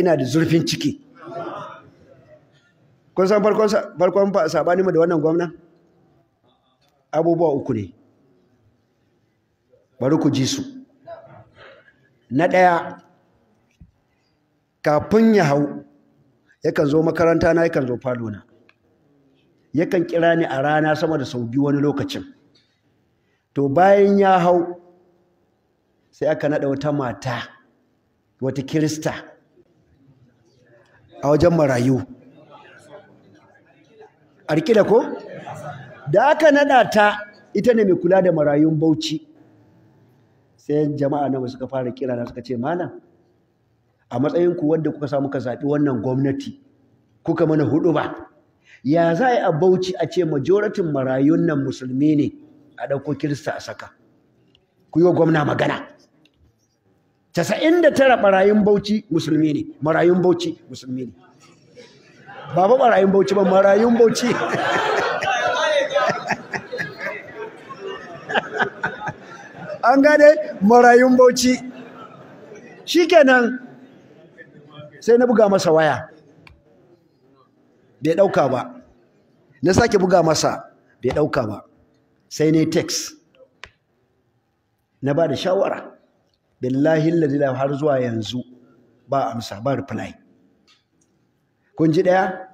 ina da zurfin ciki kun san farkon mu da wannan gwamna abubuwa uku ne bari ku ji su na ɗaya kafin ya hau yakan zo makaranta na yakan zo falona yakan kira ni a rana sama da sau biyu wani lokacin to bayan ya hau sai aka naɗa wata mata wata kirista a wajen marayu a da ko da aka naɗa ta ita ne mai kula da marayun bauchi sai jama'a na suka fara kira na suka ce mana? a matsayin ku wanda kuka samu ka zaɓi wannan gwamnati kuka mana hudu ba ya za a yi a bauchi a ce majoratin marayun nan musulmi ne a ɗauko kirista a saka ku yi wa gwamna magana tara ɓarayin bauchi musulmi ne marayun bauchi musulmi ne ba ba ɓarayin bauchi ba marayun bauchi an gane marayun bauchi shikenan sai na buga masa waya bai ɗauka ba na sake buga masa bai ɗauka ba sai na yi text na ba da shawara billahi ladila har zuwa yanzu ba amsa ba reply kun ji daya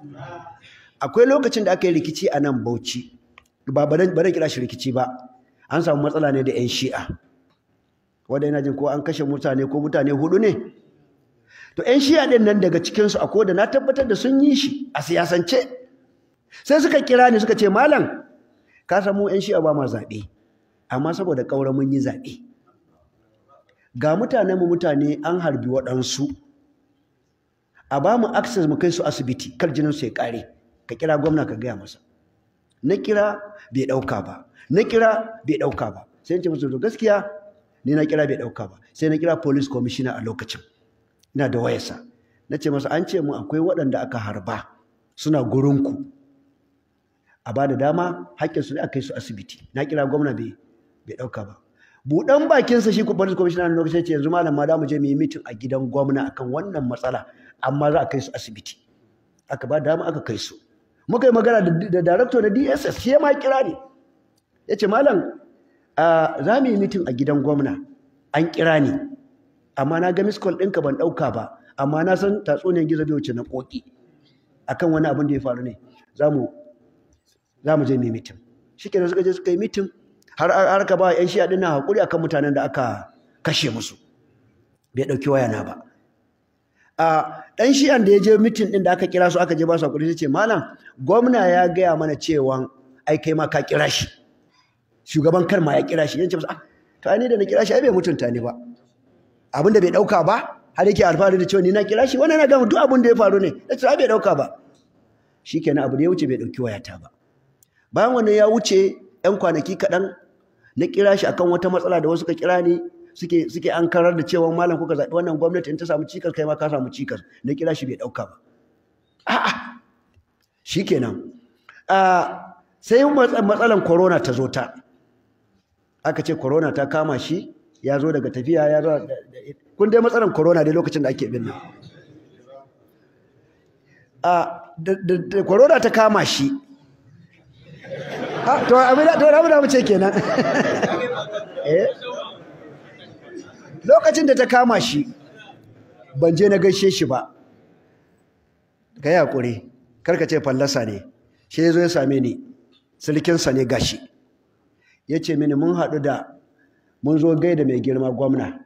akwai lokacin da aka yi rikici a nan Bauchi ba baran kira shi rikici ba an samu matsala ne da yan shi'a wanda yana jin ko an kashe mutane ko mutane hudu ne to yan shi'a din nan daga cikin su ko da na tabbatar da sun yi shi a siyasance sai suka kira ni suka ce malam ka samu yan shi'a ba ma zaɓe amma saboda ƙaura mun yi zaɓe ga mu mutane an harbi waɗansu a ba mu access mu kai su asibiti kar jinin su ya ƙare ka kira gwamna ka gaya masa na kira bai ɗauka ba na kira bai ɗauka ba sai ce musu to gaskiya ni na kira bai ɗauka ba sai na kira police commissioner a lokacin ina da wayarsa na ce masa an ce mu akwai waɗanda aka harba suna gurinku a ba da dama haƙƙinsu ne a kai su asibiti na kira gwamna bai ɗauka ba buɗan bakinsa shi kwabar kwamishinan lokacin ce yanzu malam ma da mu je mu yi mitin a gidan gwamna akan wannan matsala amma za a kai su asibiti aka ba dama aka kai su muka yi magana da darakto na dss shi ma kira ne ya ce malam za mu yi mitin a gidan gwamna an kira ni amma na ga miskol ɗinka ban ɗauka ba amma na san tatsuniyar gizo bai wuce na koki akan wani abin da ya faru ne za mu je mu yi mitin shi suka je suka yi mitin har har ka ba yan shi'a dinnan hakuri akan mutanen da aka kashe musu bai dauki waya na ba a dan shi'an da ya je meeting din da aka kira su aka je ba su hakuri sai ce malam gwamna ya gaya mana cewa ai kai ma ka kira shi shugaban kar ma ya kira shi yace masa ah to ai ni da na kira shi ai bai mutunta ni ba abinda bai dauka ba har yake alfahari da cewa ni na kira shi wannan na ga duk abin da ya faru ne yace ai bai dauka ba shikenan abu da ya wuce bai dauki wayata ba bayan wannan ya wuce yan kwanaki kadan na kira shi akan wata matsala da wasu ka kira ni suke suke an karar da cewa malam kuka zaɓi wannan gwamnati in ta samu cikas kai ma ka samu cikas na kira shi bai ɗauka ba a'a shikenan ah, sai matsalan corona ta zo ta aka ce corona ta kama shi ya zo daga tafiya ya zo kun dai matsalan corona dai lokacin da ake bin nan ah, a da corona ta kama shi to eh? lokacin da ta kama shi ban je na gaishe shi ba ga yi kar karka ce fallasa ne shi ya zo ya same ni sa ne gashi ya ce mini mun haɗu da mun zo gaida mai girma gwamna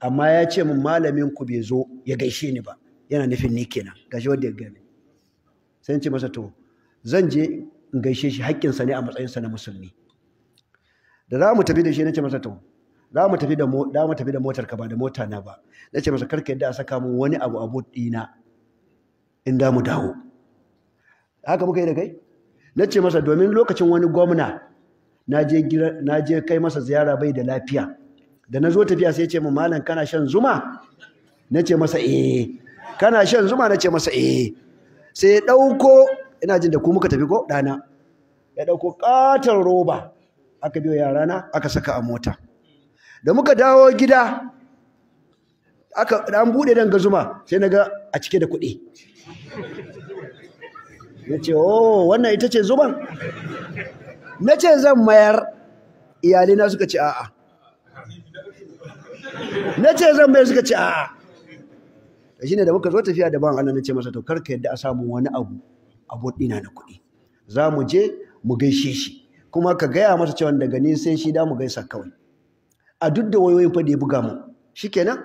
amma ya ce min malamin ku bai zo ya gaishe ni ba yana nufin ni kenan gashi wanda ya gani sai ce masa to zan je in gaishe shi haƙƙinsa ne a matsayinsa na musulmi da za mu tafi da shi na ce masa to za mu tafi da za mu tafi da motar ka ba da mota na ba na ce masa karka yadda a saka mu wani abu abu dina in da mu dawo haka muka yi da kai na ce masa domin lokacin wani gwamna na je kai masa ziyara bai da lafiya da na zo tafiya sai ce mu malam kana shan zuma na ce masa eh kana shan zuma na ce masa eh sai ya ɗauko ina jin da ku muka tafi ko ɗana ya ɗauko ƙatar roba aka biyo yarana aka saka a mota da muka dawo gida aka an buɗe dan gazuma sai na ga a cike da kuɗi na ce oh wannan ita ce zuban na ce zan mayar iyalina suka ce a'a na ce zan mayar suka ce a'a shi ne da muka zo tafiya da ban Allah na ce masa to karka yadda a samu wani abu abu ɗina da kuɗi za mu je mu gaishe shi kuma ka gaya masa cewa daga ni sai shi da mu gaisa kawai a duk da wayoyin fa da ya buga mu shikenan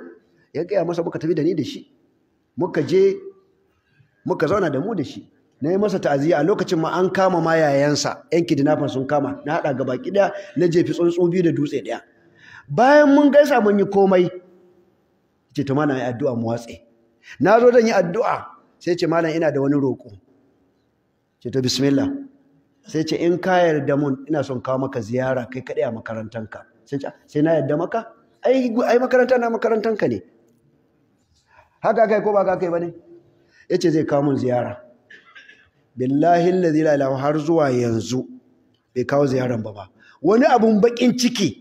ya gaya masa muka tafi da ni da shi muka je muka zauna da mu da shi na yi masa ta'aziyya a lokacin ma an kama ma yayansa yan kidnapping sun kama na haɗa ga baki ɗaya na jefi tsuntsu biyu da dutse ɗaya bayan mun gaisa mun yi komai ce to malam yi addu'a mu watse na zo zan yi addu'a sai ce malam ina da wani roƙo ce to bismillah sai ce in ka yarda mun ina son kawo maka ziyara kai kaɗai a makarantanka sai ce ah, sai na yarda maka ai ai makaranta na makarantanka ne haka kai ko ba ka kai bane yace zai kawo mun ziyara billahi allazi la ilaha har zuwa yanzu bai kawo ziyaran ba ba wani abun bakin ciki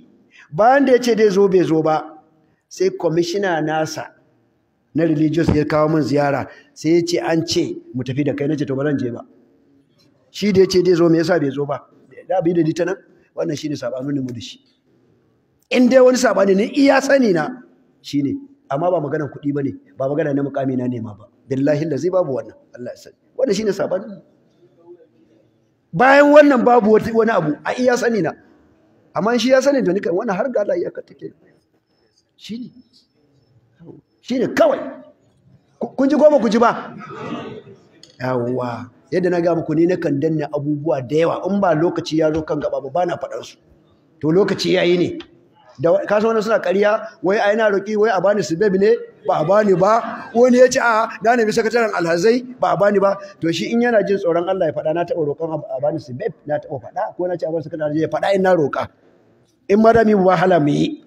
bayan da yace dai zo bai zo ba sai kwamishina nasa na religious ya kawo mun ziyara sai ya ce an ce mu tafi da kai na ce to ba zan je ba shi da ya ce zai zo me yasa bai zo ba da bi da dita nan wannan shine ne mu da shi in dai wani sabani ne iya sani na shine amma ba maganar kuɗi ne. ba magana na mukami na nema ba billahi lazi babu wannan Allah ya sani wannan shine sabanin bayan wannan babu wani abu a iya sani na amma shi ya sani to nikan wannan har ga Allah ka take shi ne kawai kun ji goma ku ji ba yawwa yadda na ga muku ni kan danne abubuwa da yawa in ba lokaci ya zo kan gaba ba na faɗar su to lokaci ya yi ne da kasu wani suna ƙarya wai a yana roƙi wai a bani su ne ba a bani ba wani ya ce a na nemi sakataren alhazai ba a bani ba to shi in yana jin tsoron Allah ya faɗa na taɓa roƙon a bani su na taɓa faɗa ko na ce a bani sakataren alhazai ya faɗa in na roƙa in ma mu mi wahala mu yi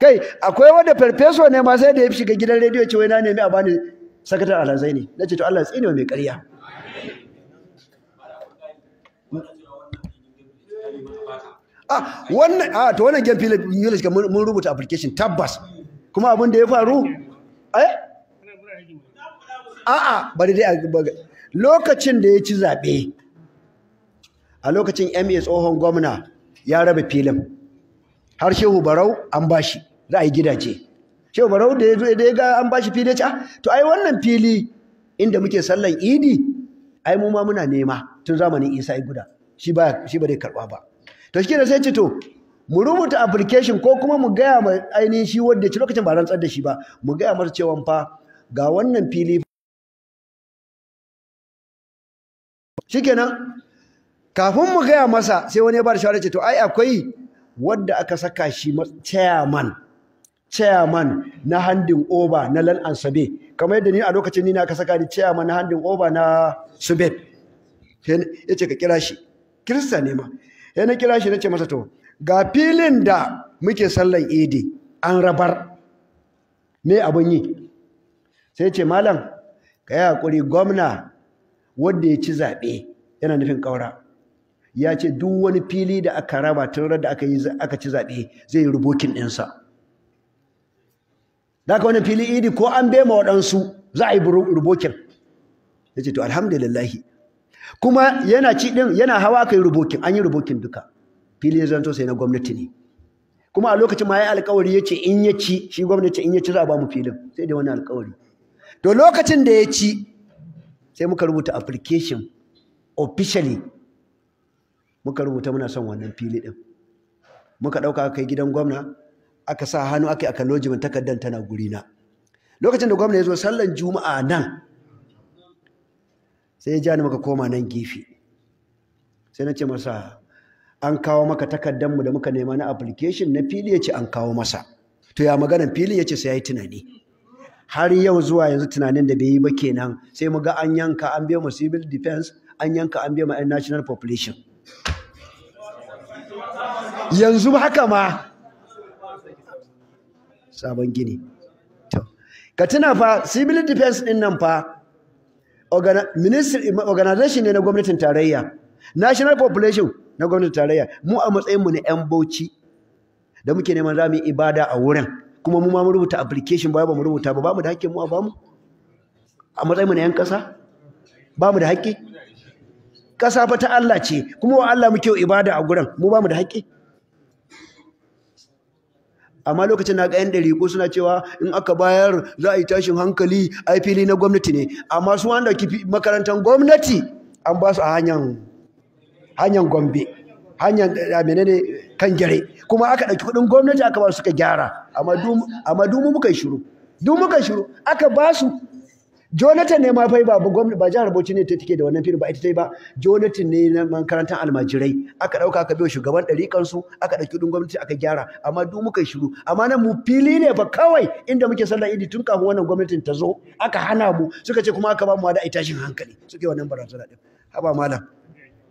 kai akwai wanda farfeso ne ma sai da ya shiga gidan rediyo ce wai na nemi a bani sakataren alhazai ne na ce to Allah ya tsine mai ƙarya a ah, wannan a ah, to wannan game village ga mun rubuta application tabbas kuma abin da ya faru eh a'a bari dai lokacin da ya ci zaɓe a lokacin MA tsohon gwamna ya raba filin har Shehu Barau an bashi za a gidaje Shehu Barau da ya ga an bashi fili ya ce ah, to ai wannan fili inda muke sallan Idi ai mu ma muna nema tun zamanin isa ya guda shi ba zai karba ba to shi sai ce to mu rubuta application ko kuma mu gaya ma ainihin shi wanda ci lokacin ba rantsar da shi ba mu gaya masa cewa fa ga wannan fili shikenan kafin mu gaya masa sai wani ya ba da shawara ce to ai akwai wanda aka saka shi chairman chairman na handin over na lal ansabe kamar yadda ni a lokacin ni na aka saka ni chairman na handin over na subet ya ce ka kira shi kirista ne ma ya na kira shi na ce masa to ga filin da muke sallan idi an rabar me abin yi sai ce malam ka yi haƙuri gwamna wadda ya ci zaɓe yana nufin ƙaura ya ce duk wani fili da aka raba tun da aka ci zaɓe zai yi rubokin ɗinsa za ka wani fili idi ko an bema waɗansu za a yi rubokin ya ce to alhamdulillahi kuma yana ci din yana hawa kai rubokin an yi rubokin duka fili zanto sai na gwamnati ne kuma a lokacin ma ya alkawari ya ce in ya ci shi gwamnati in ya ci za a ba mu filin sai dai wani alkawari to lokacin da ya ci sai muka rubuta application officially muka rubuta muna son wannan fili din muka dauka kai gidan gwamna aka sa hannu aka aka lojimin takaddan tana gurina lokacin da gwamna ya zo sallan juma'a nan sai ya ja ni koma nan gefe sai na ce masa an kawo maka takardanmu da muka nema na application na fili ya ce an kawo masa to ya maganan fili ya ce sai ya yi tunani har yau zuwa yanzu tunanin da bai yi ba kenan sai mu ga an yanka an biya mu civil defense an yanka an biya mu national population yanzu haka ma sabon gini ka tuna fa civil defense din nan fa organization ne na gwamnatin tarayya national population na gwamnatin tarayya mu a matsayin mu na yan bauchi da muke neman za mu ibada a wurin kuma mu ma mu rubuta application ba ba mu rubuta ba ba mu da hakkin mu a bamu a matsayin mu na yan kasa ba mu da hakki kasa fa ta Allah ce kuma wa Allah muke ibada a gurin mu ba mu da hakki amma lokacin na ga yan ko suna cewa in aka bayar za a yi tashin hankali a ai fili na gwamnati ne amma su wanda makarantar gwamnati an ba su a hanyar hanyar gombe hanyar eh, menene kan gyare kuma aka ɗauki kuɗin gwamnati aka ba su suka gyara amma dumu muka yi shiru aka ba su Jonathan ne ma fai ba gwamnati ba jihar Bauchi ne ta take da wannan fili ba ita ta yi ba Jonathan ne na makarantar almajirai aka dauka aka biyo shugaban ɗarikan su aka dauki dun gwamnati aka gyara amma duk muka shiru amma nan mu fili ne ba kawai inda muke sallar idi tun kafin wannan gwamnatin ta zo aka hana mu suka ce kuma aka ba mu da tashin hankali suke wannan barazana din haba malam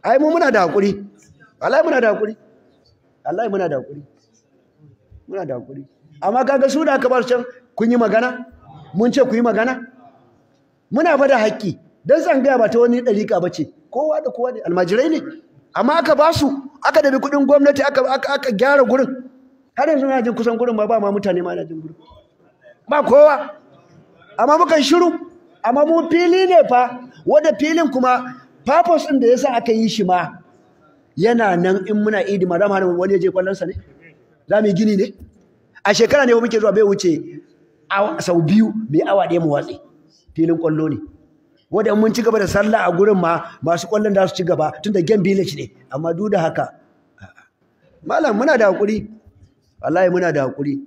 ai mu muna da hakuri wallahi muna da hakuri wallahi muna da hakuri muna da hakuri amma kaga su da aka bar can kun yi magana mun ce ku yi magana muna ba da haƙƙi don tsangaya ba ta wani ɗariƙa ba ce kowa da kowa ne almajirai ne amma aka ba su aka dabi kuɗin gwamnati aka gyara gurin har yanzu na jin kusan gurin ba ba ma mutane ma na jin gurin ba kowa amma mukan shiru amma mu fili ne fa wanda filin kuma papos ɗin da ya sa aka yi shi ma yana nan in muna idi ma zamu wani ya je kwallonsa ne za mu yi gini ne a shekara ne muke zuwa bai wuce sau biyu mai awa ɗaya mu watsi filin kwallo ne wanda mun ci gaba da sallah a gurin ma masu kwallon da su ci gaba tunda game village ne amma duk da haka malam muna da hakuri wallahi muna da hakuri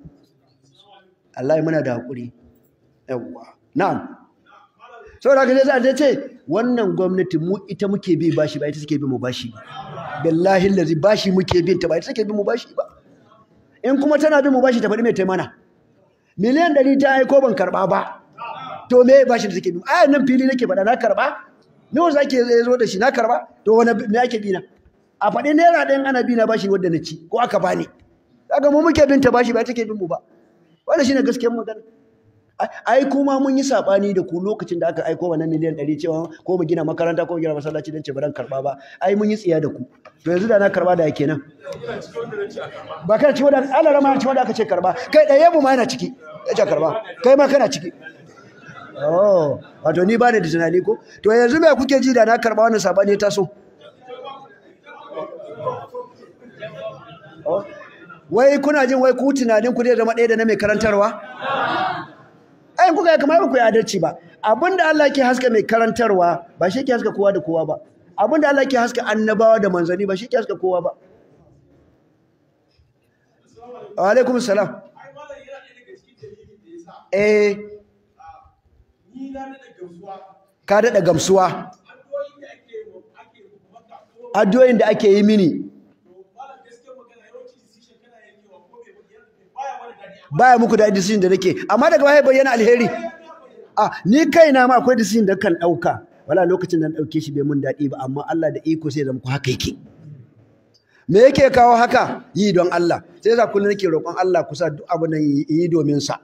wallahi muna da hakuri yawa na'am saboda haka sai ta ce wannan gwamnati mu ita muke bi bashi ba ita suke bi mu bashi ba billahi lazi bashi muke bin ta ba ita suke bi mu bashi ba in kuma tana bi mu bashi ta faɗi mai taimana miliyan ɗari ta aiko ban karɓa ba to me bashin da suke bi ai nan fili nake faɗa na karba ni wanda ake zo da shi na karba to wani me ake bi na a faɗi naira ɗin ana bi na bashi wanda na ci ko aka bani kaga mu muke binta bashi ba take bin mu ba wannan shine gaskiyar magana ai kuma mun yi sabani da ku lokacin da aka aiko wa na miliyan 100 cewa ko mu gina makaranta ko mu gina masallaci dan ce ba dan karba ba ai mun yi tsiya da ku to yanzu da na karba da yake nan ba kana ci wanda Allah rama ci wanda aka ce karba kai da yabu ma yana ciki ya ce karba kai ma kana ciki oh wato ni bani da tunani ko to yanzu me kuke ji da na karba wannan sabani ta so oh, wai kuna jin wai ku tunanin ku zai zama ɗaya da na mai karantarwa ai kuka kamar ba ku yi adalci ba abinda Allah ke haska mai karantarwa ba shi ke haska kowa da kowa ba abinda Allah ke haska annabawa da manzanni ba shi ke haska kowa ba wa alaikum salam eh ka daɗa gamsuwa addu'o'in da ake yi mini baya muku da decision da nake amma daga baya bayyana alheri a ni kaina ma akwai decision da kan ɗauka. wala lokacin da na dauke shi bai mun daɗi ba amma Allah da iko sai zama ku haka yake me yake kawo haka yi don Allah sai za kullun nake roƙon Allah kusa duk abu nan yi domin sa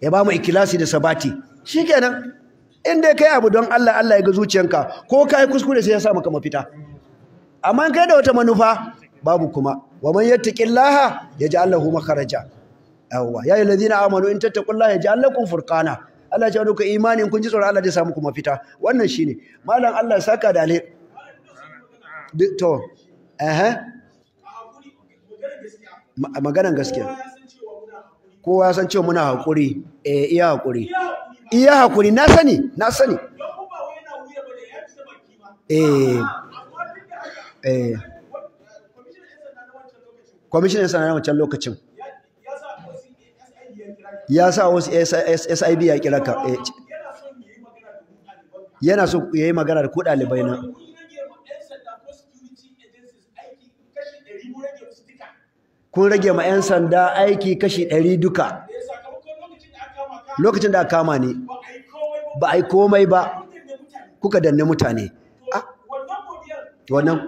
ya ba mu ikilasi da sabati nan? Inda ka yi abu don Allah Allah ya ga zuciyanka ko kai kuskure sai ya sa maka mafita amma kai da wata manufa babu kuma wa man yattaqillaha yaj'al lahu makharaja yawa ya ayyuhallazina amanu in tattaqullaha yaj'al lakum furqana Allah ya dauka imani in kun ji tsoron Allah zai samu kuma fita wannan shine malam Allah ya saka da alheri to eh maganan gaskiya kowa ya san cewa muna hakuri eh iya hakuri iya hakuri na sani na sani eh eh kwamishinan yan wancan lokacin ya sa wasu SIB ya kira ka eh. yana so ya yi magana da kuɗa ɗalibai na kun rage ma 'yan sanda aiki kashi 100 duka lokacin da kama ni ba a yi komai ba kuka danne mutane A, ah, wannan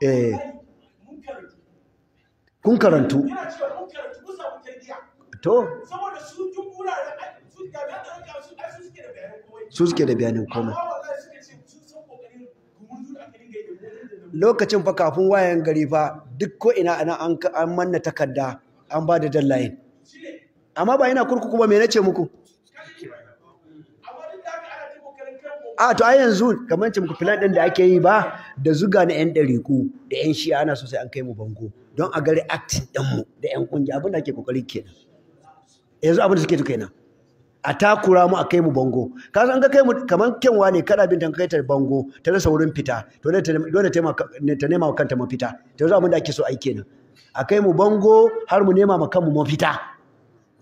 eh kun karantu to su suke da bayanin komai lokacin fa kafin wayan gari fa duk ko ina an manna takarda an ba da deadline amma ba yana kurkuku ba me nace muku a to a yanzu kamar ce muku filan ɗin da ake yi ba da zuga na 'yan ɗariku da 'yan shi ana sosai an kai mu bango don a gari aktin ɗinmu da 'yan ƙungiya abin da ake ƙoƙari kenan yanzu abin da suke tuka kenan a takura mu a kai mu bango ka san ka kai mu kamar kyanwa ne kana bin tan kai ta bango ta rasa wurin fita to dole ta dole ta nema wa kanta mafita to yanzu abin da ake so ai kenan a kai mu bango har mu nema ma kanmu mafita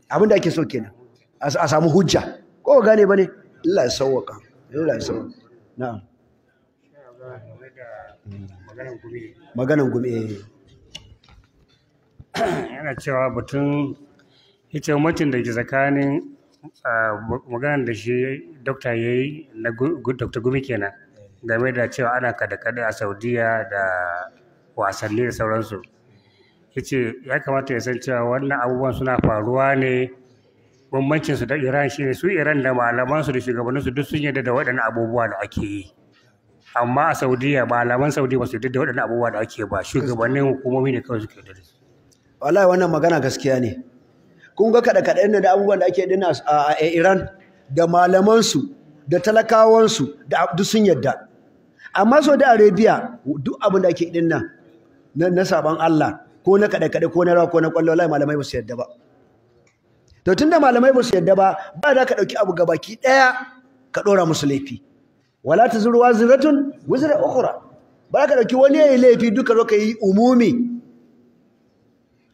abinda ake so kenan a samu hujja ko gane bane Allah ya sauwaka Allah ya sauwaka na'am maganan gumi eh. yana cewa batun yace mutum da ke tsakanin maganan da shi dokta yayi na dokta gumi kenan game da cewa ana kada kada a Saudiya da wasanni da sauransu ce, ya kamata ya san cewa wannan abubuwan suna faruwa ne bambancin su da Iran shine su Iran da malaman su da shugabannin su duk sun yadda da waɗannan abubuwa da ake yi amma a Saudiya malaman Saudiya ba su yadda da waɗannan abubuwa da ake ba shugabannin hukumomi ne kawai suke yarda da wallahi wannan magana gaskiya ne kun ga kada kada da abubuwan da ake dina a Iran da malaman su da talakawan su da duk sun yadda. amma Saudi Arabia duk abin da ake dina na saban Allah ko na kaɗe-kaɗe ko na rawa ko na ƙwallo wallahi malamai ba su yarda ba to tunda malamai ba su yarda ba ba za ka ɗauki abu gabaki ɗaya ka ɗora musu laifi wala ta zuru waziratun wuzra ukhra ba ka ɗauki wani yayi laifi duka zo ka yi umumi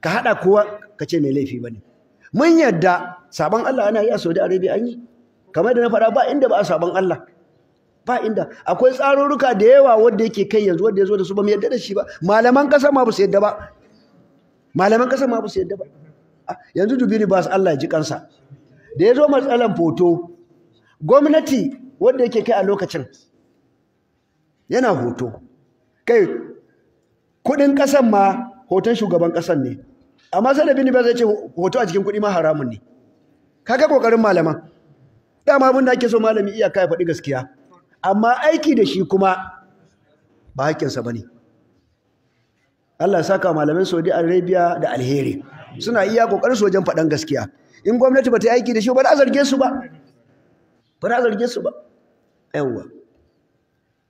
ka haɗa kowa ka ce mai laifi bane mun yarda sabon Allah ana yi a Saudi Arabia an yi kamar da na faɗa ba inda ba a sabon Allah ba inda akwai tsarurruka da yawa wanda yake kai yanzu wanda ya zo da su ba mu yarda da shi ba malaman ƙasa ma ba su yarda ba malaman kasar ma busu yadda ba yanzu dubi su Allah ji kansa da ya zo matsalan foto gwamnati wanda yake kai a lokacin yana hoto kai kudin ƙasan ma hoton shugaban ƙasan ne amma sai da bini ba zai ce hoto a cikin kudi ma haramun ne kaga kokarin malaman dama abin da ake so malami iyaka ya faɗi gaskiya amma aiki da shi kuma ba haƙƙinsa ba ne Allah ya saka malaman Saudi Arabia da alheri suna iya kokarin su wajen faɗan gaskiya in gwamnati ba ta yi aiki da shi ba za zarge su ba ba za zarge su ba yawa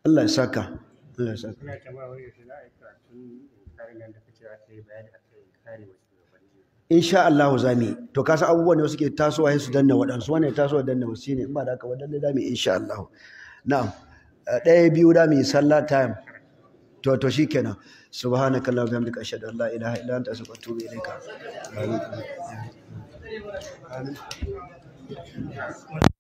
Allah ya saka Allah ya saka insha Allah za mu to ka san abubuwan da suke tasowa sai su danna waɗansu wannan tasowa danna wasu ne in ba da haka wadanne za mu insha Allah na'am ɗaya biyu da mu yi sallah time to to shikenan subhanaka allahumma bihamdika ashhadu an la ilaha illa anta astaghfiruka wa atubu